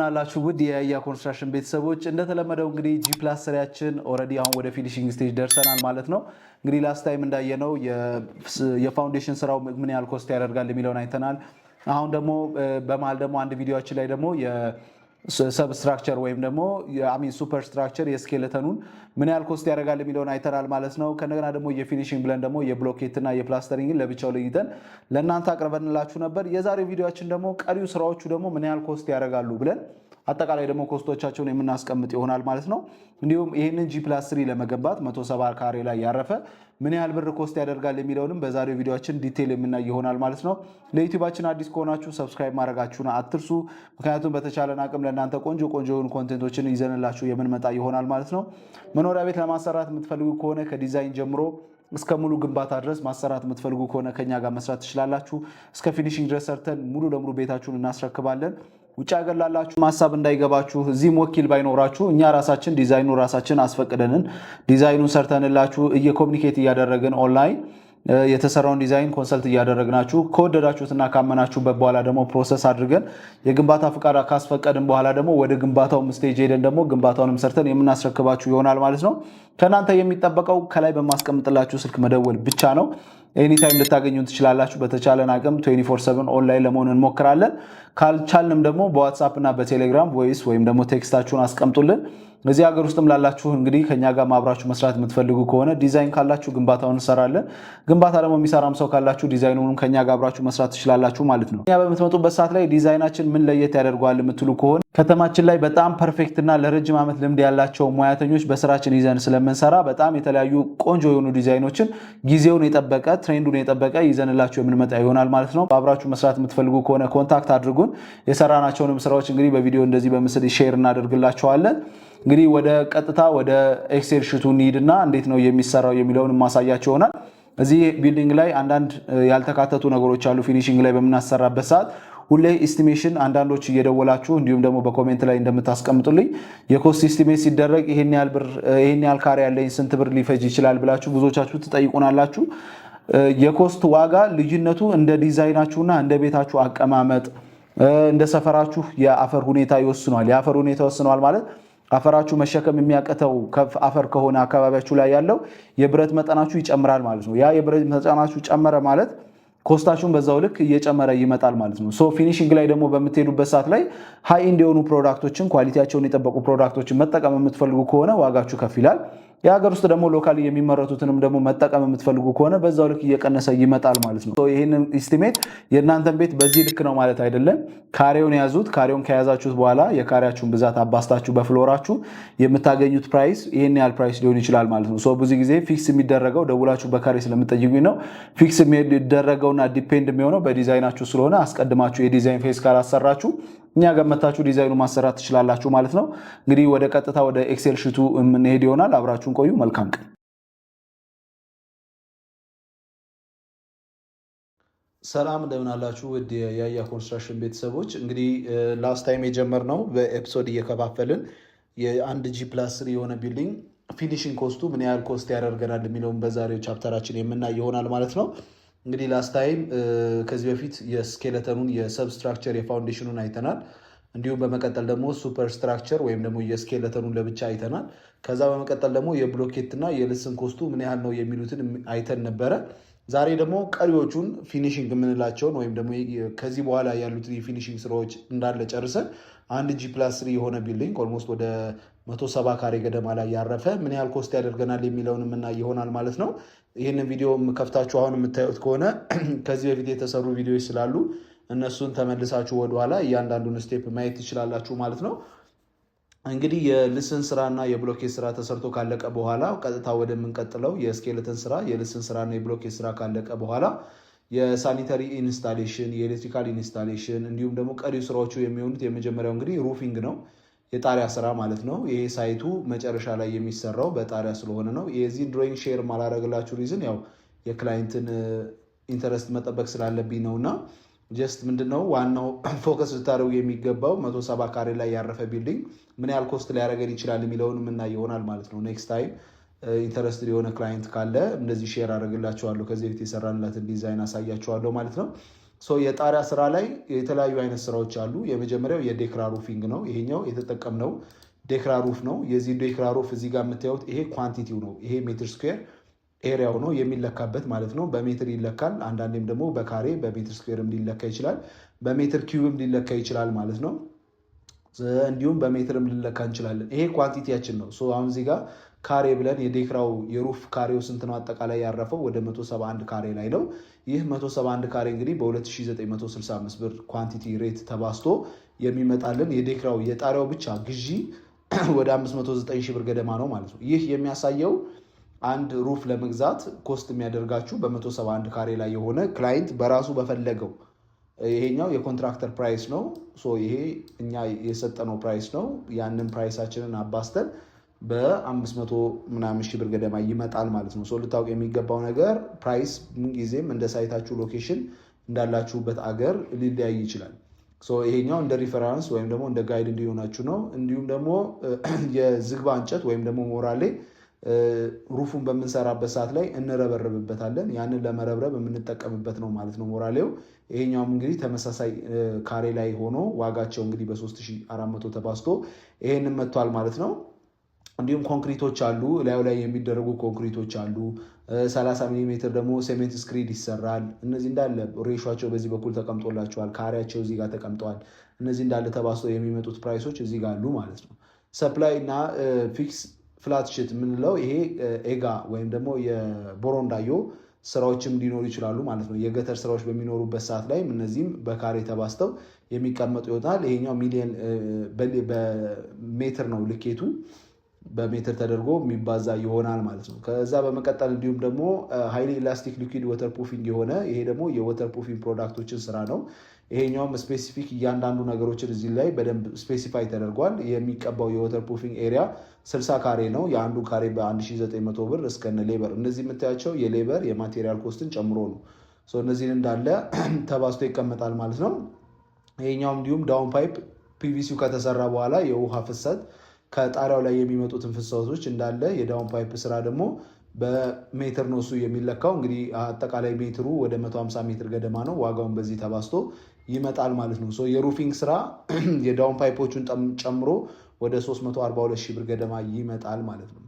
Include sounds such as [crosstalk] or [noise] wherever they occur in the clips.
ናላችሁ ውድ የያያ ኮንስትራክሽን ቤተሰቦች እንደተለመደው እንግዲህ ጂ ፕላስ ስሪያችን ኦልሬዲ አሁን ወደ ፊኒሽንግ ስቴጅ ደርሰናል ማለት ነው። እንግዲህ ላስት ታይም እንዳየነው የፋውንዴሽን ስራው ምን ያህል ኮስት ያደርጋል የሚለውን አይተናል። አሁን ደግሞ በመሀል ደግሞ አንድ ቪዲዮችን ላይ ደግሞ ሰብስትራክቸር ወይም ደግሞ አሚን ሱፐር ስትራክቸር የስኬለተኑን ምን ያህል ኮስት ያደርጋል የሚለውን አይተናል ማለት ነው። ከነገና ደግሞ የፊኒሽንግ ብለን ደግሞ የብሎኬትና የፕላስተሪንግን ለብቻው ለይተን ለእናንተ አቅርበንላችሁ ነበር። የዛሬው ቪዲዮችን ደግሞ ቀሪው ስራዎቹ ደግሞ ምን ያህል ኮስት ያደርጋሉ ብለን አጠቃላይ ደግሞ ኮስቶቻቸውን የምናስቀምጥ ይሆናል ማለት ነው። እንዲሁም ይህንን ጂ ፕላስ ስሪ ለመገንባት መቶ ሰባ ካሬ ላይ ያረፈ ምን ያህል ብር ኮስት ያደርጋል የሚለውንም በዛሬው ቪዲዮችን ዲቴል የምናይ ይሆናል ማለት ነው። ለዩቲዩባችን አዲስ ከሆናችሁ ሰብስክራይብ ማድረጋችሁን አትርሱ። ምክንያቱም በተቻለን አቅም ለእናንተ ቆንጆ ቆንጆ የሆኑ ኮንቴንቶችን ይዘንላችሁ የምንመጣ ይሆናል ማለት ነው። መኖሪያ ቤት ለማሰራት የምትፈልጉ ከሆነ ከዲዛይን ጀምሮ እስከ ሙሉ ግንባታ ድረስ ማሰራት የምትፈልጉ ከሆነ ከኛ ጋር መስራት ትችላላችሁ። እስከ ፊኒሽንግ ድረስ ሰርተን ሙሉ ለሙሉ ቤታችሁን እናስረክባለን። ውጭ ሀገር ላላችሁ ሀሳብ እንዳይገባችሁ፣ እዚህም ወኪል ባይኖራችሁ እኛ ራሳችን ዲዛይኑ ራሳችን አስፈቅደንን ዲዛይኑን ሰርተንላችሁ እየኮሚኒኬት እያደረግን ኦንላይን የተሰራውን ዲዛይን ኮንሰልት እያደረግናችሁ ከወደዳችሁትና ካመናችሁበት በኋላ ደግሞ ፕሮሰስ አድርገን የግንባታ ፍቃድ ካስፈቀድን በኋላ ደግሞ ወደ ግንባታው ስቴጅ ሄደን ደግሞ ግንባታውንም ሰርተን የምናስረክባችሁ ይሆናል ማለት ነው። ከእናንተ የሚጠበቀው ከላይ በማስቀምጥላችሁ ስልክ መደወል ብቻ ነው። ኤኒታይም ልታገኙን ትችላላችሁ። በተቻለን አቅም 24/7 ኦንላይን ለመሆን እንሞክራለን። ካልቻልንም ደግሞ በዋትሳፕ እና በቴሌግራም ቮይስ ወይም ደግሞ ቴክስታችሁን አስቀምጡልን። እዚህ ሀገር ውስጥም ላላችሁ እንግዲህ ከኛ ጋር አብራችሁ መስራት የምትፈልጉ ከሆነ ዲዛይን ካላችሁ ግንባታውን እንሰራለን። ግንባታ ደግሞ የሚሰራም ሰው ካላችሁ ዲዛይኑንም ከኛ ጋር አብራችሁ መስራት ትችላላችሁ ማለት ነው። እኛ በምትመጡበት ሰዓት ላይ ዲዛይናችን ምን ለየት ያደርገዋል የምትሉ ከሆነ ከተማችን ላይ በጣም ፐርፌክት እና ለረጅም ዓመት ልምድ ያላቸው ሙያተኞች በስራችን ይዘን ስለምንሰራ በጣም የተለያዩ ቆንጆ የሆኑ ዲዛይኖችን ጊዜውን የጠበቀ ትሬንዱን የጠበቀ ይዘንላቸው የምንመጣ ይሆናል ማለት ነው። በአብራችሁ መስራት የምትፈልጉ ከሆነ ኮንታክት አድርጉን። የሰራናቸውንም ስራዎች እንግዲህ በቪዲዮ እንደዚህ በምስል ሼር እናደርግላቸዋለን። እንግዲህ ወደ ቀጥታ ወደ ኤክሴል ሽቱ እንሂድና እንዴት ነው የሚሰራው የሚለውን ማሳያቸው ይሆናል። እዚህ ቢልዲንግ ላይ አንዳንድ ያልተካተቱ ነገሮች አሉ። ፊኒሽንግ ላይ በምናሰራበት ሰዓት ሁሌ ኢስቲሜሽን አንዳንዶች እየደወላችሁ እንዲሁም ደግሞ በኮሜንት ላይ እንደምታስቀምጡልኝ የኮስት ኢስቲሜት ሲደረግ ይሄን ያህል ካሬ ያለኝ ስንት ብር ሊፈጅ ይችላል ብላችሁ ብዙዎቻችሁ ትጠይቁናላችሁ። የኮስት ዋጋ ልዩነቱ እንደ ዲዛይናችሁና እንደ ቤታችሁ አቀማመጥ እንደ ሰፈራችሁ የአፈር ሁኔታ ይወስኗል። የአፈር ሁኔታ ይወስኗል ማለት አፈራችሁ መሸከም የሚያቀተው አፈር ከሆነ አካባቢያችሁ ላይ ያለው የብረት መጠናችሁ ይጨምራል ማለት ነው። ያ የብረት መጠናችሁ ጨመረ ማለት ኮስታችሁን በዛው ልክ እየጨመረ ይመጣል ማለት ነው። ሶ ፊኒሽንግ ላይ ደግሞ በምትሄዱበት ሰዓት ላይ ሀይ እንዲሆኑ ፕሮዳክቶችን ኳሊቲያቸውን የጠበቁ ፕሮዳክቶችን መጠቀም የምትፈልጉ ከሆነ ዋጋችሁ ከፍ ይላል። የሀገር ውስጥ ደግሞ ሎካሊ የሚመረቱትንም ደግሞ መጠቀም የምትፈልጉ ከሆነ በዛው ልክ እየቀነሰ ይመጣል ማለት ነው። ይህንን ኢስቲሜት የእናንተን ቤት በዚህ ልክ ነው ማለት አይደለም። ካሬውን ያዙት። ካሬውን ከያዛችሁት በኋላ የካሬያችሁን ብዛት አባስታችሁ በፍሎራችሁ የምታገኙት ፕራይስ ይህን ያህል ፕራይስ ሊሆን ይችላል ማለት ነው። ብዙ ጊዜ ፊክስ የሚደረገው ደውላችሁ በካሬ ስለምጠይቁኝ ነው። ፊክስ የሚደረገውና ዲፔንድ የሚሆነው በዲዛይናችሁ ስለሆነ አስቀድማችሁ የዲዛይን ፌስ ካላሰራችሁ እኛ ጋር መታችሁ ዲዛይኑ ማሰራት ትችላላችሁ ማለት ነው። እንግዲህ ወደ ቀጥታ ወደ ኤክሴል ሽቱ የምንሄድ ይሆናል አብራችሁ አብራችሁን ቆዩ። መልካም ቀን። ሰላም እንደምን አላችሁ? ውድ የያያ ኮንስትራክሽን ቤተሰቦች፣ እንግዲህ ላስት ታይም የጀመርነው በኤፒሶድ እየከፋፈልን የአንድ ጂ ፕላስ ስሪ የሆነ ቢልዲንግ ፊኒሽንግ ኮስቱ ምን ያህል ኮስት ያደርገናል የሚለውን በዛሬው ቻፕተራችን የምናይ ይሆናል ማለት ነው። እንግዲህ ላስት ታይም ከዚህ በፊት የስኬለተኑን የሰብስትራክቸር የፋውንዴሽኑን አይተናል። እንዲሁም በመቀጠል ደግሞ ሱፐር ስትራክቸር ወይም ደግሞ የስኬለተኑን ለብቻ አይተናል። ከዛ በመቀጠል ደግሞ የብሎኬትና የልስን ኮስቱ ምን ያህል ነው የሚሉትን አይተን ነበረ። ዛሬ ደግሞ ቀሪዎቹን ፊኒሽንግ የምንላቸውን ወይም ደግሞ ከዚህ በኋላ ያሉትን የፊኒሽንግ ስራዎች እንዳለ ጨርሰን አንድ ጂ ፕላስ ስሪ የሆነ ቢልዲንግ ኦልሞስት ወደ መቶ ሰባ ካሬ ገደማ ላይ ያረፈ ምን ያህል ኮስት ያደርገናል የሚለውን የምናይ ይሆናል ማለት ነው። ይህንን ቪዲዮ ከፍታችሁ አሁን የምታዩት ከሆነ [clears throat] ከዚህ በፊት የተሰሩ ቪዲዮዎች ስላሉ እነሱን ተመልሳችሁ ወደኋላ እያንዳንዱን ስቴፕ ማየት ትችላላችሁ ማለት ነው። እንግዲህ የልስን ስራና የብሎኬት ስራ ተሰርቶ ካለቀ በኋላ ቀጥታ ወደምንቀጥለው የስኬለተን ስራ የልስን ስራና የብሎኬት ስራ ካለቀ በኋላ የሳኒተሪ ኢንስታሌሽን፣ የኤሌክትሪካል ኢንስታሌሽን እንዲሁም ደግሞ ቀሪው ስራዎቹ የሚሆኑት የመጀመሪያው እንግዲህ ሩፊንግ ነው፣ የጣሪያ ስራ ማለት ነው። ይሄ ሳይቱ መጨረሻ ላይ የሚሰራው በጣሪያ ስለሆነ ነው። የዚህ ድሮይንግ ሼር ማላረግላችሁ ሪዝን ያው የክላይንትን ኢንተረስት መጠበቅ ስላለብኝ ነውና ጀስት ምንድነው ዋናው [clears throat] ፎከስ ልታደርጉ የሚገባው መቶ ሰባ ካሬ ላይ ያረፈ ቢልዲንግ ምን ያህል ኮስት ሊያደርገን ይችላል የሚለውን የምናይ ይሆናል ማለት ነው። ኔክስት ታይም ኢንተረስትድ የሆነ ክላይንት ካለ እንደዚህ ሼር አደርግላቸዋለሁ። ከዚህ በፊት የሰራንላትን ዲዛይን አሳያቸዋለሁ ማለት ነው። የጣሪያ ስራ ላይ የተለያዩ አይነት ስራዎች አሉ። የመጀመሪያው የዴክራ ሩፊንግ ነው። ይሄኛው የተጠቀምነው ዴክራ ሩፍ ነው። የዚህ ዴክራ ሩፍ እዚህ ጋር የምታዩት ይሄ ኳንቲቲው ነው። ይሄ ሜትር ስኩዌር ኤሪያው ነው የሚለካበት ማለት ነው። በሜትር ይለካል። አንዳንዴም ደግሞ በካሬ በሜትር ስኩዌርም ሊለካ ይችላል። በሜትር ኪዩብም ሊለካ ይችላል ማለት ነው። እንዲሁም በሜትርም ልንለካ እንችላለን። ይሄ ኳንቲቲያችን ነው። አሁን እዚህ ጋር ካሬ ብለን የዴክራው የሩፍ ካሬው ስንት ነው? አጠቃላይ ያረፈው ወደ 171 ካሬ ላይ ነው። ይህ 171 ካሬ እንግዲህ በ2965 ብር ኳንቲቲ ሬት ተባስቶ የሚመጣልን የዴክራው የጣሪያው ብቻ ግዢ [clears throat] ወደ 509 ሺህ ብር ገደማ ነው ማለት ነው። ይህ የሚያሳየው አንድ ሩፍ ለመግዛት ኮስት የሚያደርጋችሁ በ171 ካሬ ላይ የሆነ ክላይንት በራሱ በፈለገው ይሄኛው የኮንትራክተር ፕራይስ ነው። ይሄ እኛ የሰጠነው ፕራይስ ነው። ያንን ፕራይሳችንን አባስተን በ500 ምናምን ሺህ ብር ገደማ ይመጣል ማለት ነው። ሶ ልታውቅ የሚገባው ነገር ፕራይስ ምንጊዜም እንደ ሳይታችሁ ሎኬሽን እንዳላችሁበት አገር ሊለያይ ይችላል። ይሄኛው እንደ ሪፈራንስ ወይም ደግሞ እንደ ጋይድ እንዲሆናችሁ ነው። እንዲሁም ደግሞ [clears throat] የዝግባ እንጨት ወይም ደግሞ ሞራሌ ሩፉን በምንሰራበት ሰዓት ላይ እንረበረብበታለን። ያንን ለመረብረብ የምንጠቀምበት ነው ማለት ነው ሞራሌው። ይሄኛውም እንግዲህ ተመሳሳይ ካሬ ላይ ሆኖ ዋጋቸው እንግዲህ በ3400 ተባዝቶ ይሄንን መጥቷል ማለት ነው። እንዲሁም ኮንክሪቶች አሉ፣ ላዩ ላይ የሚደረጉ ኮንክሪቶች አሉ። 30 ሚሜ ደግሞ ሴሜንት ስክሪድ ይሰራል። እነዚህ እንዳለ ሬሾቸው በዚህ በኩል ተቀምጦላቸዋል። ካሬያቸው እዚህ ጋር ተቀምጠዋል። እነዚህ እንዳለ ተባዝቶ የሚመጡት ፕራይሶች እዚህ ጋር አሉ ማለት ነው። ሰፕላይ እና ፊክስ ፍላት ሽት የምንለው ይሄ ኤጋ ወይም ደግሞ የቦሮንዳዮ ስራዎችም ሊኖሩ ይችላሉ ማለት ነው። የገተር ስራዎች በሚኖሩበት ሰዓት ላይም እነዚህም በካሬ ተባስተው የሚቀመጡ ይሆናል። ይሄኛው ሚሊየን በሜትር ነው ልኬቱ በሜትር ተደርጎ የሚባዛ ይሆናል ማለት ነው። ከዛ በመቀጠል እንዲሁም ደግሞ ሃይሊ ኢላስቲክ ሊኩድ ወተር ፕሩፊንግ የሆነ ይሄ ደግሞ የወተር ፕሩፊንግ ፕሮዳክቶችን ስራ ነው። ይሄኛውም ስፔሲፊክ እያንዳንዱ ነገሮችን እዚህ ላይ በደንብ ስፔሲፋይ ተደርጓል። የሚቀባው የወተር ፕሩፊንግ ኤሪያ 60 ካሬ ነው። የአንዱ ካሬ በ1900 ብር እስከነ ሌበር፣ እነዚህ የምታያቸው የሌበር የማቴሪያል ኮስትን ጨምሮ ነው። እነዚህን እንዳለ [clears throat] ተባዝቶ ይቀመጣል ማለት ነው። ይሄኛውም እንዲሁም ዳውን ፓይፕ ፒቪሲው ከተሰራ በኋላ የውሃ ፍሰት ከጣሪያው ላይ የሚመጡትን ፍሰቶች እንዳለ የዳውን ፓይፕ ስራ ደግሞ በሜትር ነው እሱ የሚለካው። እንግዲህ አጠቃላይ ሜትሩ ወደ 150 ሜትር ገደማ ነው። ዋጋውን በዚህ ተባስቶ። ይመጣል ማለት ነው። የሩፊንግ ስራ [clears throat] የዳውን ፓይፖቹን ጨምሮ ወደ 342 ሺህ ብር ገደማ ይመጣል ማለት ነው።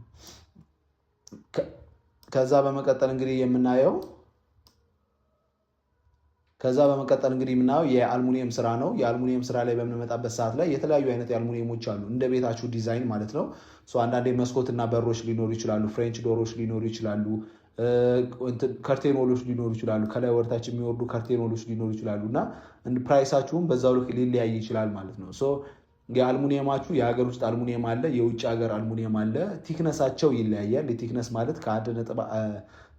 ከዛ በመቀጠል እንግዲህ የምናየው ከዛ በመቀጠል እንግዲህ የምናየው የአልሙኒየም ስራ ነው። የአልሙኒየም ስራ ላይ በምንመጣበት ሰዓት ላይ የተለያዩ አይነት የአልሙኒየሞች አሉ፣ እንደ ቤታችሁ ዲዛይን ማለት ነው። አንዳንዴ መስኮትና በሮች ሊኖሩ ይችላሉ፣ ፍሬንች ዶሮች ሊኖሩ ይችላሉ፣ ከርቴኖሎች ሊኖሩ ይችላሉ። ከላይ ወደታች የሚወርዱ ከርቴኖሎች ሊኖሩ ይችላሉ እና ፕራይሳችሁም በዛው ልክ ሊለያይ ይችላል ማለት ነው። የአልሙኒየማችሁ የሀገር ውስጥ አልሙኒየም አለ፣ የውጭ ሀገር አልሙኒየም አለ። ቲክነሳቸው ይለያያል። የቲክነስ ማለት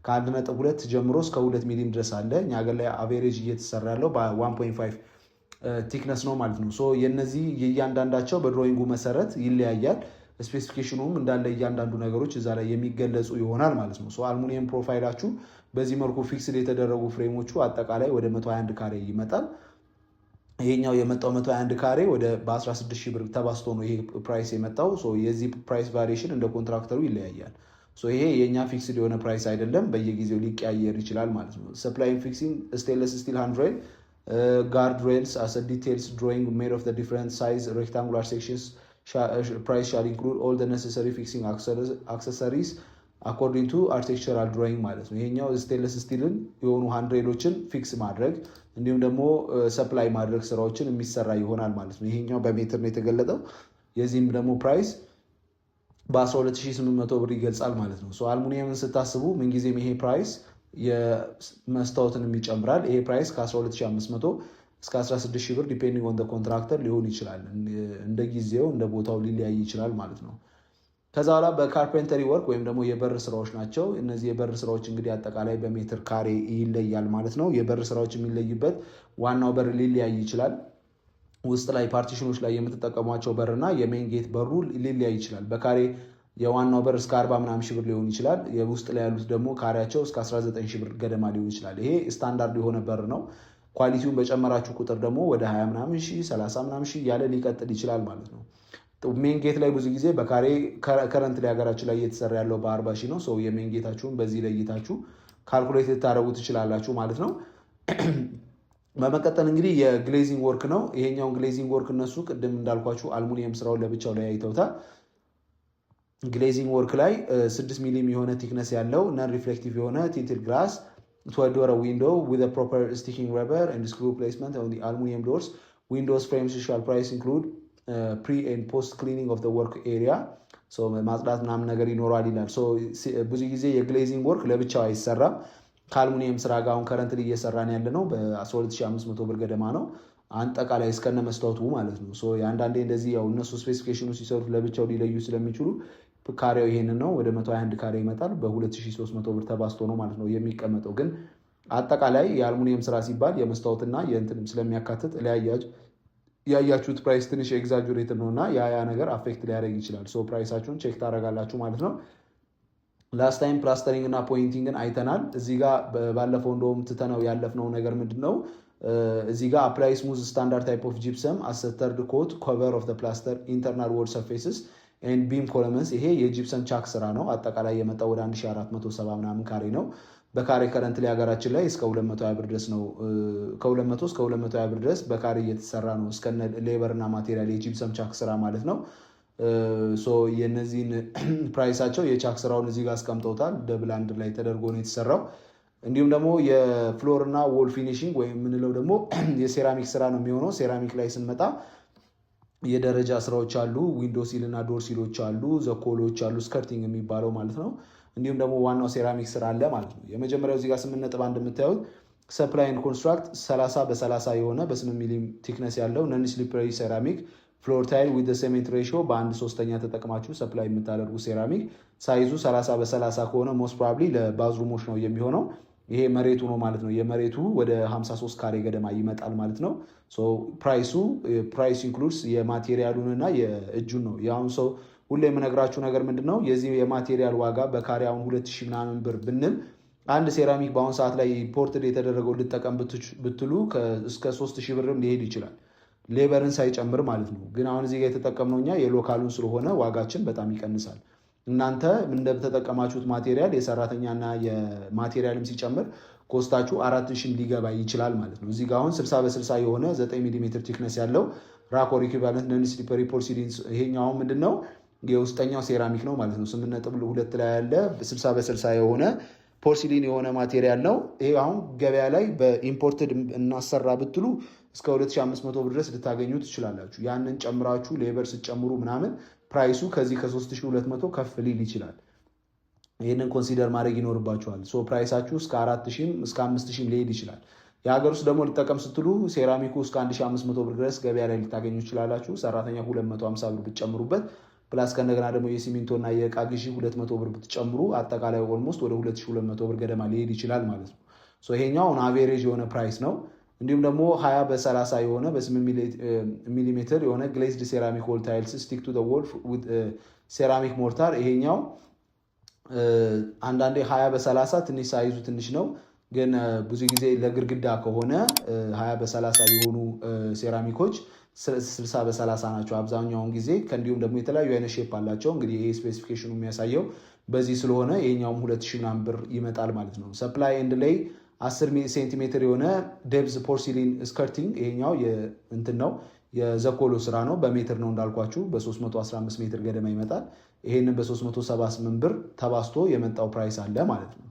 ከአንድ ነጥብ ሁለት ጀምሮ እስከ ሁለት ሚሊም ድረስ አለ። እኛ ሀገር ላይ አቬሬጅ እየተሰራ ያለው በ1.5 ቲክነስ ነው ማለት ነው። የነዚህ የእያንዳንዳቸው በድሮይንጉ መሰረት ይለያያል። ስፔሲፊኬሽኑም እንዳለ እያንዳንዱ ነገሮች እዛ ላይ የሚገለጹ ይሆናል ማለት ነው። አልሙኒየም ፕሮፋይላችሁ በዚህ መልኩ ፊክስድ የተደረጉ ፍሬሞቹ አጠቃላይ ወደ 121 ካሬ ይመጣል። ይሄኛው የመጣው 121 ካሬ ወደ በ16 ሺህ ብር ተባስቶ ነው ይሄ ፕራይስ የመጣው። የዚህ ፕራይስ ቫሪሽን እንደ ኮንትራክተሩ ይለያያል። ይሄ የእኛ ፊክስድ የሆነ ፕራይስ አይደለም፣ በየጊዜው ሊቀያየር ይችላል ማለት ነው። ሰፕላይን ፊክሲንግ ስቴንለስ ስቲል ሃንድሬል ጋርድ ሬልስ አስ ዲቴልስ ድሮይንግ ሜድ ኦፍ ዲፍረንት ሳይዝ ሬክታንጉላር ሴክሽንስ Uh, price shall include all the necessary fixing አኮርዲንግ ቱ አርቴክቸራል ድሮይንግ ማለት ነው። ይሄኛው ስቴንለስ ስቲልን የሆኑ ሃንድሬሎችን ፊክስ ማድረግ እንዲሁም ደግሞ ሰፕላይ uh, ማድረግ ስራዎችን የሚሰራ ይሆናል ማለት ነው። ይሄኛው በሜትር ነው የተገለጠው። የዚህም ደግሞ ፕራይስ በ12800 ብር ይገልጻል ማለት ነው። አልሙኒየምን ስታስቡ ምንጊዜም ይሄ ፕራይስ መስታወትንም ይጨምራል። ይሄ ፕራይስ ከ12500 እስከ 16 ሺህ ብር ዲፔንዲንግ ኦን ኮንትራክተር ሊሆን ይችላል። እንደ ጊዜው እንደ ቦታው ሊለያይ ይችላል ማለት ነው። ከዛ በኋላ በካርፔንተሪ ወርክ ወይም ደግሞ የበር ስራዎች ናቸው። እነዚህ የበር ስራዎች እንግዲህ አጠቃላይ በሜትር ካሬ ይለያል ማለት ነው። የበር ስራዎች የሚለይበት ዋናው በር ሊለያይ ይችላል። ውስጥ ላይ ፓርቲሽኖች ላይ የምትጠቀሟቸው በርና የሜን ጌት በሩ ሊለያይ ይችላል። በካሬ የዋናው በር እስከ 40 ምናምን ሺህ ብር ሊሆን ይችላል። የውስጥ ላይ ያሉት ደግሞ ካሬያቸው እስከ 19 ሺህ ብር ገደማ ሊሆን ይችላል። ይሄ ስታንዳርድ የሆነ በር ነው። ኳሊቲውን በጨመራችሁ ቁጥር ደግሞ ወደ 20 ምናምን ሺ 30 ምናምን ሺ እያለ ሊቀጥል ይችላል ማለት ነው። ሜን ጌት ላይ ብዙ ጊዜ በካሬ ከረንት ላይ ሀገራችን ላይ እየተሰራ ያለው በአርባ ሺ ነው። ሰው የሜን ጌታችሁን በዚህ ለይታችሁ ካልኩሌት ልታደረጉ ትችላላችሁ ማለት ነው። በመቀጠል እንግዲህ የግሌዚንግ ወርክ ነው። ይሄኛውን ግሌዚንግ ወርክ እነሱ ቅድም እንዳልኳችሁ አልሙኒየም ስራውን ለብቻው ላይ አይተውታል። ግሌዚንግ ወርክ ላይ 6 ሚሊም የሆነ ቲክነስ ያለው ነን ሪፍሌክቲቭ የሆነ ቲንትል ግራስ to a door window with a proper sticking rubber and screw placement on the aluminum doors. Windows frames shall price include uh, pre and post cleaning of the work area So ማጽዳት ምናምን ነገር ይኖረዋል ይላል። ብዙ ጊዜ የግሌዚንግ ወርክ ለብቻው አይሰራም። ከአልሙኒየም ስራ ጋር አሁን ከረንት እየሰራን ያለ ነው በ12500 ብር ገደማ ነው አንጠቃላይ እስከነ መስታወቱ ማለት ነው። የአንዳንዴ እንደዚህ ያው እነሱ ስፔሲፊኬሽኑ ሲሰሩት ለብቻው ሊለዩ ስለሚችሉ ካሬው ይሄን ነው። ወደ 121 ካሬ ይመጣል። በ2300 ብር ተባስቶ ነው ማለት ነው የሚቀመጠው። ግን አጠቃላይ የአልሙኒየም ስራ ሲባል የመስታወትና የእንትንም ስለሚያካትት ለያያጅ ያያችሁት ፕራይስ ትንሽ ኤግዛጁሬት ነው እና ያ ያ ነገር አፌክት ሊያደርግ ይችላል። ሶ ፕራይሳችሁን ቼክ ታደርጋላችሁ ማለት ነው። ላስት ታይም ፕላስተሪንግ እና ፖይንቲንግን አይተናል። እዚ ጋ ባለፈው እንደውም ትተነው ያለፍነው ነገር ምንድን ነው? እዚ ጋ አፕላይ ስሙዝ ስታንዳርድ ታይፕ ኦፍ ጂፕሰም አሰተርድ ኮት ኮቨር ኦፍ ፕላስተር ኢንተርናል ወርድ ሰርፌስስ ኤንድ ቢም ኮለመንስ ይሄ የጂፕሰን ቻክ ስራ ነው። አጠቃላይ የመጣው ወደ 1470 ምናምን ካሬ ነው። በካሬ ከረንት ላይ ሀገራችን ላይ እስከ 220 ብር ድረስ ነው ከ200 እስከ 220 ብር ድረስ በካሬ እየተሰራ ነው። እስከ ሌበር እና ማቴሪያል የጂፕሰን ቻክ ስራ ማለት ነው። ሶ የነዚህን [clears throat] ፕራይሳቸው የቻክ ስራውን እዚህ ጋር አስቀምጠውታል። ደብል አንድ ላይ ተደርጎ ነው የተሰራው። እንዲሁም ደግሞ የፍሎር እና ዎል ፊኒሽንግ ወይም የምንለው ደግሞ [clears throat] የሴራሚክ ስራ ነው የሚሆነው። ሴራሚክ ላይ ስንመጣ የደረጃ ስራዎች አሉ። ዊንዶ ሲል እና ዶር ሲሎች አሉ። ዘኮሎች አሉ። ስከርቲንግ የሚባለው ማለት ነው። እንዲሁም ደግሞ ዋናው ሴራሚክ ስራ አለ ማለት ነው። የመጀመሪያው እዚህ ጋር ስምንት ነጥብ አንድ የምታዩት ሰፕላይን ኮንስትራክት 30 በ30 የሆነ በ8 ሚሊ ቲክነስ ያለው ነን ስሊፐሪ ሴራሚክ ፍሎር ታይል ዊዝ ሰሜንት ሬሽዮ በአንድ ሶስተኛ ተጠቅማችሁ ሰፕላይ የምታደርጉ ሴራሚክ ሳይዙ 30 በ30 ከሆነ ሞስት ፕሮባብሊ ለባዝሩሞች ነው የሚሆነው። ይሄ መሬቱ ነው ማለት ነው። የመሬቱ ወደ 53 ካሬ ገደማ ይመጣል ማለት ነው። ፕራይሱ ፕራይስ ኢንክሉድስ የማቴሪያሉን እና የእጁን ነው። የአሁን ሰው ሁሌ የምነግራችሁ ነገር ምንድን ነው የዚህ የማቴሪያል ዋጋ በካሬ አሁን ሁለት ምናምን ብር ብንል አንድ ሴራሚክ በአሁኑ ሰዓት ላይ ኢምፖርትድ የተደረገው ልጠቀም ብትሉ እስከ ሶስት ብርም ሊሄድ ይችላል ሌበርን ሳይጨምር ማለት ነው። ግን አሁን እዚህ ጋር የተጠቀምነው እኛ የሎካሉን ስለሆነ ዋጋችን በጣም ይቀንሳል። እናንተ እንደተጠቀማችሁት ማቴሪያል የሰራተኛና የማቴሪያልም ሲጨምር ኮስታችሁ አራት ሺም ሊገባ ይችላል ማለት ነው። እዚህ ጋ አሁን 60 በ60 የሆነ 9 ሚሊሜትር ቲክነስ ያለው ራኮር ኢኩቫለንት ነን ስሊፐሪ ፖርሲሊንስ ይሄኛው ምንድን ነው የውስጠኛው ሴራሚክ ነው ማለት ነው። ስምንት ነጥብ ሁለት ላይ ያለ 60 በ60 የሆነ ፖርሲሊን የሆነ ማቴሪያል ነው። ይሄ አሁን ገበያ ላይ በኢምፖርትድ እናሰራ ብትሉ እስከ 2500 ብር ድረስ ልታገኙ ትችላላችሁ። ያንን ጨምራችሁ ሌበር ስትጨምሩ ምናምን ፕራይሱ ከዚህ ከ3200 ከፍ ሊል ይችላል። ይህንን ኮንሲደር ማድረግ ይኖርባቸዋል ሶ ፕራይሳችሁ እስከ 4000 እስከ 5000 ሊሄድ ይችላል። የሀገር ውስጥ ደግሞ ልጠቀም ስትሉ ሴራሚኩ እስከ 1500 ብር ድረስ ገበያ ላይ ልታገኙ ይችላላችሁ። ሰራተኛ 250 ብር ብትጨምሩበት ፕላስ ከእንደገና ደግሞ የሲሚንቶና የእቃ ግዢ 200 ብር ብትጨምሩ አጠቃላይ ኦልሞስት ወደ 2200 ብር ገደማ ሊሄድ ይችላል ማለት ነው። ይሄኛውን አቬሬጅ የሆነ ፕራይስ ነው። እንዲሁም ደግሞ 20 በ30 የሆነ በ8 የሆነ ግሌዝድ ሴራሚክ ዎል ታይልስ ስቲክ ቱ ወልፍ ሴራሚክ ሞርታር። ይሄኛው አንዳንዴ 20 በ30 ትንሽ ሳይዙ ትንሽ ነው፣ ግን ብዙ ጊዜ ለግድግዳ ከሆነ 20 በ30 የሆኑ ሴራሚኮች 60 በ30 ናቸው አብዛኛውን ጊዜ። ከእንዲሁም ደግሞ የተለያዩ አይነት ሼፕ አላቸው። እንግዲህ ይሄ ስፔሲፊኬሽኑ የሚያሳየው በዚህ ስለሆነ ይሄኛውም 2000 ምናምን ብር ይመጣል ማለት ነው። ሰፕላይ ኤንድ ላይ 10 ሴንቲሜትር የሆነ ደብዝ ፖርሲሊን ስከርቲንግ ይሄኛው እንትን ነው የዘኮሎ ስራ ነው። በሜትር ነው እንዳልኳችሁ በ315 ሜትር ገደማ ይመጣል። ይሄንን በ378 ብር ተባስቶ የመጣው ፕራይስ አለ ማለት ነው።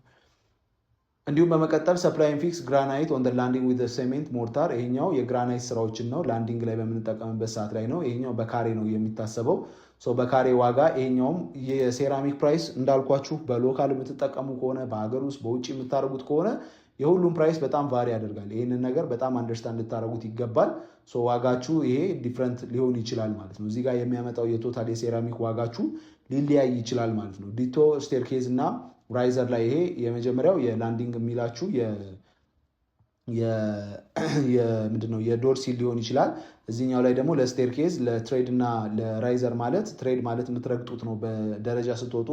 እንዲሁም በመቀጠል ሰፕላይን ፊክስ ግራናይት ኦን ላንዲንግ ዊዝ ሴሜንት ሞርታር፣ ይሄኛው የግራናይት ስራዎችን ነው ላንዲንግ ላይ በምንጠቀምበት ሰዓት ላይ ነው። ይሄኛው በካሬ ነው የሚታሰበው በካሬ ዋጋ። ይሄኛውም የሴራሚክ ፕራይስ እንዳልኳችሁ በሎካል የምትጠቀሙ ከሆነ በሀገር ውስጥ በውጭ የምታደርጉት ከሆነ የሁሉም ፕራይስ በጣም ቫሪ ያደርጋል። ይህንን ነገር በጣም አንደርስታንድ ልታደረጉት ይገባል። ሶ ዋጋችሁ ይሄ ዲፍረንት ሊሆን ይችላል ማለት ነው። እዚህ ጋር የሚያመጣው የቶታል የሴራሚክ ዋጋችሁ ሊለያይ ይችላል ማለት ነው። ዲቶ ስቴርኬዝ እና ራይዘር ላይ ይሄ የመጀመሪያው የላንዲንግ የሚላችሁ ምንድነው የዶር ሲል ሊሆን ይችላል። እዚህኛው ላይ ደግሞ ለስቴርኬዝ ለትሬድ እና ለራይዘር ማለት ትሬድ ማለት የምትረግጡት ነው በደረጃ ስትወጡ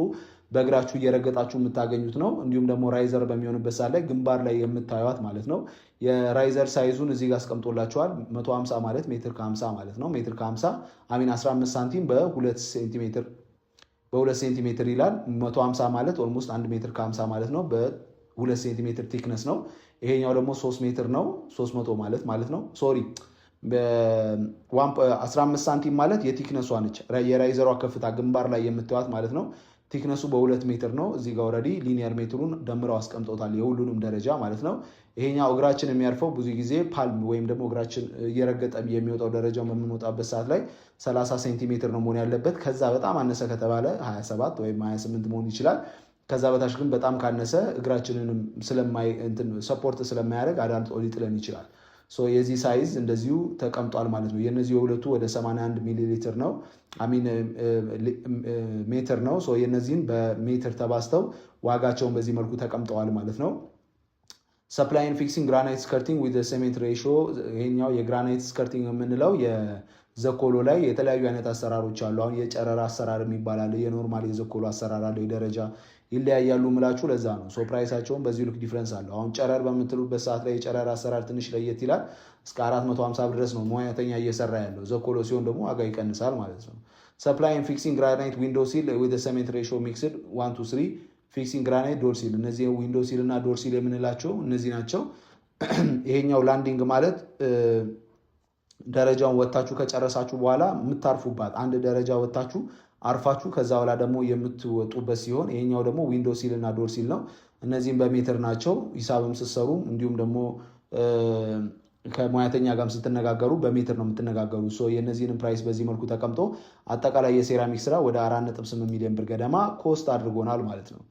በእግራችሁ እየረገጣችሁ የምታገኙት ነው። እንዲሁም ደግሞ ራይዘር በሚሆንበት ሰዓት ላይ ግንባር ላይ የምታዩት ማለት ነው። የራይዘር ሳይዙን እዚህ ጋር አስቀምጦላችኋል። 150 ማለት ሜትር ከ50 ማለት ነው። ሜትር ከ50 አሚን 15 ሳንቲም በ2 ሴንቲሜትር በ2 ሴንቲሜትር ይላል። 150 ማለት ኦልሞስት 1 ሜትር ከ50 ማለት ነው። በ2 ሴንቲሜትር ቲክነስ ነው። ይሄኛው ደግሞ 3 ሜትር ነው። 300 ማለት ማለት ነው። ሶሪ 15 ሳንቲም ማለት የቲክነሷ ነች። የራይዘሯ ከፍታ ግንባር ላይ የምትዋት ማለት ነው። ቲክነሱ በሁለት ሜትር ነው። እዚህ ጋር ኦልሬዲ ሊኒየር ሜትሩን ደምረው አስቀምጦታል የሁሉንም ደረጃ ማለት ነው። ይሄኛው እግራችን የሚያርፈው ብዙ ጊዜ ፓልም ወይም ደግሞ እግራችን እየረገጠ የሚወጣው ደረጃ በምንወጣበት ሰዓት ላይ 30 ሴንቲሜትር ነው መሆን ያለበት። ከዛ በጣም አነሰ ከተባለ 27 ወይም 28 መሆን ይችላል። ከዛ በታች ግን በጣም ካነሰ እግራችንንም ሰፖርት ስለማያደርግ አዳልጦ ሊጥለን ይችላል። የዚህ ሳይዝ እንደዚሁ ተቀምጧል ማለት ነው። የነዚህ የሁለቱ ወደ 81 ሚሊ ሊትር ነው አሚን ሜትር ነው። የነዚህን በሜትር ተባዝተው ዋጋቸውን በዚህ መልኩ ተቀምጠዋል ማለት ነው። ሰፕላይን ፊክሲንግ ግራናይት ስከርቲንግ ዊዝ ሴሜንት ሬሽዮ። ይሄኛው የግራናይት ስከርቲንግ የምንለው የዘኮሎ ላይ የተለያዩ አይነት አሰራሮች አሉ። አሁን የጨረራ አሰራር የሚባል አለ። የኖርማል የዘኮሎ አሰራር አለ። የደረጃ ይለያያሉ ምላችሁ ለዛ ነው። ሶ ፕራይሳቸውን በዚህ ልክ ዲፍረንስ አለው። አሁን ጨረር በምትሉበት ሰዓት ላይ የጨረር አሰራር ትንሽ ለየት ይላል። እስከ 450 ድረስ ነው ሙያተኛ እየሰራ ያለው። ዘኮሎ ሲሆን ደግሞ ዋጋ ይቀንሳል ማለት ነው። ሰፕላይን ፊክሲንግ ግራናይት ዊንዶ ሲል ወደ ሰሜንት ሬሾ ሚክስድ ዋን ቱ ስሪ ፊክሲንግ ግራናይት ዶር ሲል፣ እነዚህ ዊንዶ ሲል እና ዶር ሲል የምንላቸው እነዚህ ናቸው። ይሄኛው ላንዲንግ ማለት ደረጃውን ወታችሁ ከጨረሳችሁ በኋላ የምታርፉባት አንድ ደረጃ ወታችሁ አርፋችሁ ከዛ በኋላ ደግሞ የምትወጡበት ሲሆን ይሄኛው ደግሞ ዊንዶ ሲል እና ዶር ሲል ነው። እነዚህም በሜትር ናቸው። ሂሳብም ስሰሩ እንዲሁም ደግሞ ከሙያተኛ ጋር ስትነጋገሩ በሜትር ነው የምትነጋገሩ። የእነዚህንም ፕራይስ በዚህ መልኩ ተቀምጦ አጠቃላይ የሴራሚክ ስራ ወደ 48 ሚሊዮን ብር ገደማ ኮስት አድርጎናል ማለት ነው።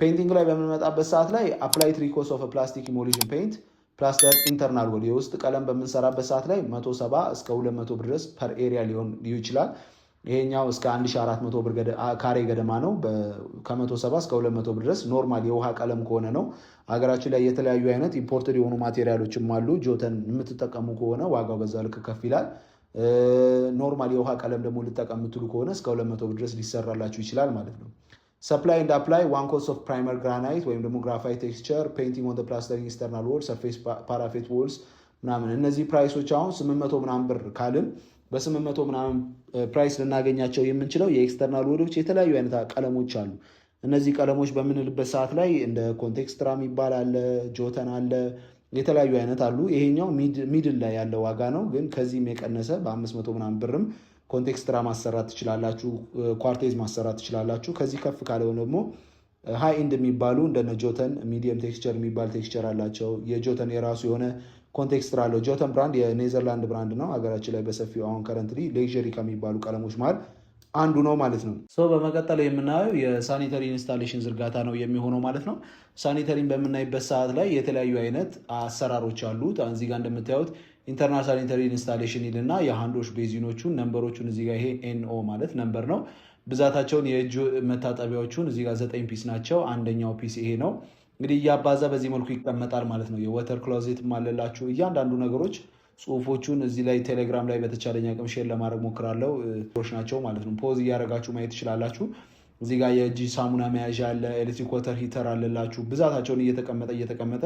ፔይንቲንግ ላይ በምንመጣበት ሰዓት ላይ አፕላይ ትሪ ኮስ ኦፍ ፕላስቲክ ኢሞሊሽን ፔንት ፕላስተር ኢንተርናል ወል የውስጥ ቀለም በምንሰራበት ሰዓት ላይ 170 እስከ 200 ብር ድረስ ፐር ኤሪያ ሊሆን ይችላል። ይሄኛው እስከ 1400 ብር ካሬ ገደማ ነው። ከ170 እስከ 200 ብር ድረስ ኖርማል የውሃ ቀለም ከሆነ ነው። ሀገራችን ላይ የተለያዩ አይነት ኢምፖርትድ የሆኑ ማቴሪያሎችም አሉ። ጆተን የምትጠቀሙ ከሆነ ዋጋው በዛ ልክ ከፍ ይላል። ኖርማል የውሃ ቀለም ደግሞ ልጠቀም የምትሉ ከሆነ እስከ 200 ብር ድረስ ሊሰራላችሁ ይችላል ማለት ነው። ሰፕላይ ኤንድ አፕላይ ዋን ኮርስ ኦፍ ፕራይመር ግራናይት ወይም ደግሞ ግራፋይት ቴክስቸር ፔንቲንግ ኦን ፕላስተር ኢንስተርናል ወል ሰርፌስ ፓራፌት ወልስ ምናምን እነዚህ ፕራይሶች አሁን 800 ምናምን ብር ካልን በስምንት መቶ ምናምን ፕራይስ ልናገኛቸው የምንችለው የኤክስተርናል ወዶች የተለያዩ አይነት ቀለሞች አሉ። እነዚህ ቀለሞች በምንልበት ሰዓት ላይ እንደ የሚባል አለ ጆተን አለ፣ የተለያዩ አይነት አሉ። ይሄኛው ሚድል ላይ ያለ ዋጋ ነው፣ ግን ከዚህም የቀነሰ በአምስት መቶ ምናምን ብርም ኮንቴክስትራ ማሰራት ትችላላችሁ፣ ኳርቴዝ ማሰራት ትችላላችሁ። ከዚህ ከፍ ካለው ደግሞ ሃይ ኢንድ የሚባሉ እንደነ ጆተን ሚዲየም ቴክስቸር የሚባል ቴክስቸር አላቸው። የጆተን የራሱ የሆነ ኮንቴክስት ራለው ጆተን ብራንድ የኔዘርላንድ ብራንድ ነው። ሀገራችን ላይ በሰፊው አሁን ከረንትሊ ሌክዠሪ ከሚባሉ ቀለሞች መሀል አንዱ ነው ማለት ነው። ሰው በመቀጠል የምናየው የሳኒተሪ ኢንስታሌሽን ዝርጋታ ነው የሚሆነው ማለት ነው። ሳኒተሪን በምናይበት ሰዓት ላይ የተለያዩ አይነት አሰራሮች አሉት። እዚህ ጋር እንደምታዩት ኢንተርናል ሳኒተሪ ኢንስታሌሽን ይልና የሃንዶች ቤዚኖቹን ነንበሮቹን እዚህ ጋር ይሄ ኤንኦ ማለት ነንበር ነው። ብዛታቸውን የእጅ መታጠቢያዎቹን እዚህ ጋር ዘጠኝ ፒስ ናቸው። አንደኛው ፒስ ይሄ ነው። እንግዲህ እያባዛ በዚህ መልኩ ይቀመጣል ማለት ነው። የወተር ክሎዜት አለላችሁ። እያንዳንዱ ነገሮች ጽሁፎቹን እዚህ ላይ ቴሌግራም ላይ በተቻለኝ አቅም ሼር ለማድረግ ሞክራለው ሮች ናቸው ማለት ነው። ፖዝ እያደረጋችሁ ማየት ትችላላችሁ። እዚህ ጋር የእጅ ሳሙና መያዣ አለ። ኤሌክትሪክ ወተር ሂተር አለላችሁ። ብዛታቸውን እየተቀመጠ እየተቀመጠ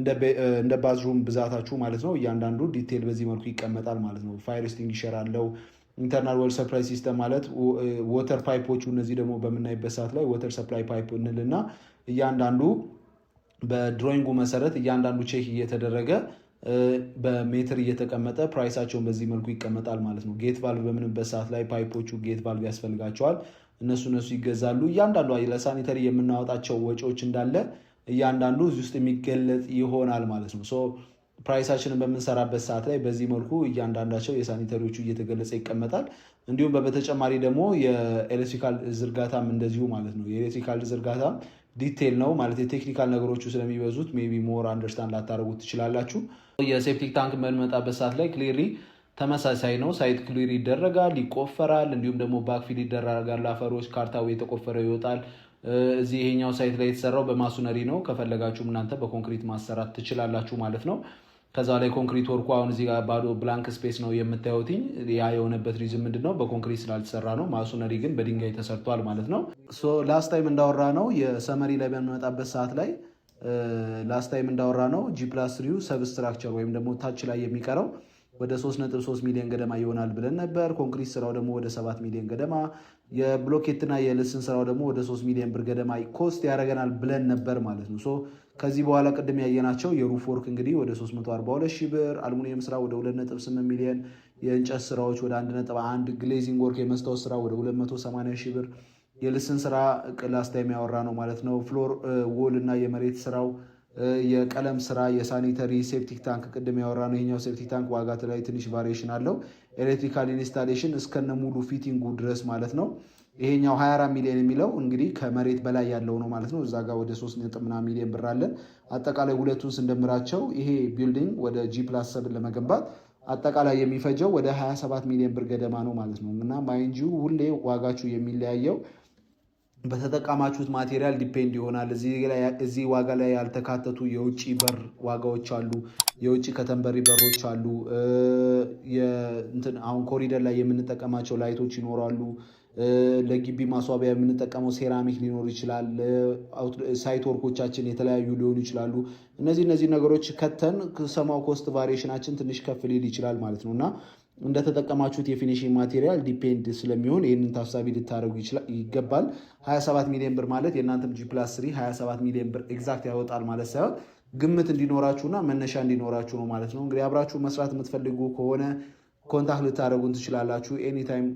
እንደ ባዝሩም ብዛታችሁ ማለት ነው። እያንዳንዱ ዲቴል በዚህ መልኩ ይቀመጣል ማለት ነው። ፋይር ኤክስቲንግዊሸር አለው። ኢንተርናል ወል ሰፕላይ ሲስተም ማለት ወተር ፓይፖቹ፣ እነዚህ ደግሞ በምናይበት ሰዓት ላይ ወተር ሰፕላይ ፓይፕ እንልና እያንዳንዱ በድሮይንጉ መሰረት እያንዳንዱ ቼክ እየተደረገ በሜትር እየተቀመጠ ፕራይሳቸውን በዚህ መልኩ ይቀመጣል ማለት ነው። ጌት ቫልቭ በምንበት ሰዓት ላይ ፓይፖቹ ጌት ቫልቭ ያስፈልጋቸዋል። እነሱ እነሱ ይገዛሉ። እያንዳንዱ ለሳኒተሪ የምናወጣቸው ወጪዎች እንዳለ እያንዳንዱ እዚህ ውስጥ የሚገለጥ ይሆናል ማለት ነው። ሶ ፕራይሳችንን በምንሰራበት ሰዓት ላይ በዚህ መልኩ እያንዳንዳቸው የሳኒተሪዎቹ እየተገለጸ ይቀመጣል። እንዲሁም በተጨማሪ ደግሞ የኤሌክትሪካል ዝርጋታም እንደዚሁ ማለት ነው። የኤሌክትሪካል ዝርጋታም ዲቴል ነው ማለት የቴክኒካል ነገሮቹ ስለሚበዙት ሜይ ቢ ሞር አንደርስታንድ ላታደርጉት ትችላላችሁ። የሴፕቲክ ታንክ በምንመጣበት ሰዓት ላይ ክሊሪ ተመሳሳይ ነው። ሳይት ክሊር ይደረጋል፣ ይቆፈራል፣ እንዲሁም ደግሞ ባክፊል ይደረጋል። አፈሮች ካርታው የተቆፈረው ይወጣል። እዚህ ይሄኛው ሳይት ላይ የተሰራው በማሱነሪ ነው። ከፈለጋችሁም እናንተ በኮንክሪት ማሰራት ትችላላችሁ ማለት ነው። ከዛ ላይ ኮንክሪት ወርኩ አሁን እዚህ ጋር ባዶ ብላንክ ስፔስ ነው የምታዩትኝ። ያ የሆነበት ሪዝን ምንድን ነው? በኮንክሪት ስላልተሰራ ነው። ማሱነሪ ግን በድንጋይ ተሰርቷል ማለት ነው። ላስት ታይም እንዳወራ ነው የሰመሪ ላይ በምንመጣበት ሰዓት ላይ ላስት ታይም እንዳወራ ነው ጂ ፕላስ ትሪው ሰብስትራክቸር ወይም ደግሞ ታች ላይ የሚቀረው ወደ 3.3 ሚሊዮን ገደማ ይሆናል ብለን ነበር። ኮንክሪት ስራው ደግሞ ወደ 7 ሚሊዮን ገደማ፣ የብሎኬትና የልስን ስራው ደግሞ ወደ 3 ሚሊዮን ብር ገደማ ኮስት ያደርገናል ብለን ነበር ማለት ነው። ከዚህ በኋላ ቅድም ያየናቸው የሩፍ ወርክ እንግዲህ ወደ 342 ሺህ ብር፣ አልሙኒየም ስራ ወደ 2.8 ሚሊዮን፣ የእንጨት ስራዎች ወደ 1.1፣ ግሌዚንግ ወርክ የመስታወት ስራ ወደ 280 ሺህ ብር፣ የልስን ስራ ቅላስታ የሚያወራ ነው ማለት ነው። ፍሎር ዎል እና የመሬት ስራው የቀለም ስራ፣ የሳኒተሪ ሴፕቲክ ታንክ ቅድም ያወራ ነው። ይሄኛው ሴፕቲክ ታንክ ዋጋ ላይ ትንሽ ቫሪሽን አለው። ኤሌክትሪካል ኢንስታሌሽን እስከነ ሙሉ ፊቲንጉ ድረስ ማለት ነው። ይሄኛው 24 ሚሊዮን የሚለው እንግዲህ ከመሬት በላይ ያለው ነው ማለት ነው። እዛ ጋር ወደ 3 ነጥብ ምናምን ሚሊዮን ብር አለን። አጠቃላይ ሁለቱን ስንደምራቸው ይሄ ቢልዲንግ ወደ ጂ ፕላስ ሰብን ለመገንባት አጠቃላይ የሚፈጀው ወደ 27 ሚሊዮን ብር ገደማ ነው ማለት ነው። እና ማይንጂው ሁሌ ዋጋችሁ የሚለያየው በተጠቀማችሁት ማቴሪያል ዲፔንድ ይሆናል። እዚህ ዋጋ ላይ ያልተካተቱ የውጭ በር ዋጋዎች አሉ። የውጭ ከተንበሪ በሮች አሉ። አሁን ኮሪደር ላይ የምንጠቀማቸው ላይቶች ይኖራሉ። ለግቢ ማስዋቢያ የምንጠቀመው ሴራሚክ ሊኖር ይችላል። ሳይት ወርኮቻችን የተለያዩ ሊሆኑ ይችላሉ። እነዚህ እነዚህ ነገሮች ከተን ሰማው ኮስት ቫሪሽናችን ትንሽ ከፍ ሊል ይችላል ማለት ነው እና እንደተጠቀማችሁት የፊኒሽንግ ማቴሪያል ዲፔንድ ስለሚሆን ይህንን ታሳቢ ልታደረጉ ይገባል። 27 ሚሊዮን ብር ማለት የእናንተም ጂ ፕላስ 3 27 ሚሊዮን ብር ኤግዛክት ያወጣል ማለት ሳይሆን ግምት እንዲኖራችሁና መነሻ እንዲኖራችሁ ነው ማለት ነው። እንግዲህ አብራችሁ መስራት የምትፈልጉ ከሆነ ኮንታክት ልታደረጉን ትችላላችሁ። ኤኒታይም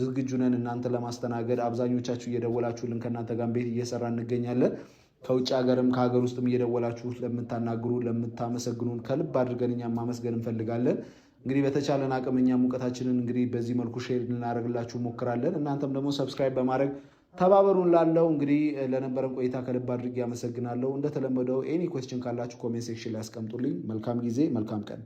ዝግጁ ነን እናንተ ለማስተናገድ። አብዛኞቻችሁ እየደወላችሁልን ከእናንተ ጋር ቤት እየሰራ እንገኛለን። ከውጭ ሀገርም ከሀገር ውስጥም እየደወላችሁ ለምታናግሩ ለምታመሰግኑን ከልብ አድርገን እኛም ማመስገን እንፈልጋለን። እንግዲህ በተቻለን አቅም እኛ ሙቀታችንን እንግዲህ በዚህ መልኩ ሼር ልናደርግላችሁ ሞክራለን። እናንተም ደግሞ ሰብስክራይብ በማድረግ ተባበሩን። ላለው እንግዲህ ለነበረን ቆይታ ከልብ አድርጌ አመሰግናለሁ። እንደተለመደው ኤኒ ኮስችን ካላችሁ ኮሜንት ሴክሽን ላይ ያስቀምጡልኝ። መልካም ጊዜ፣ መልካም ቀን።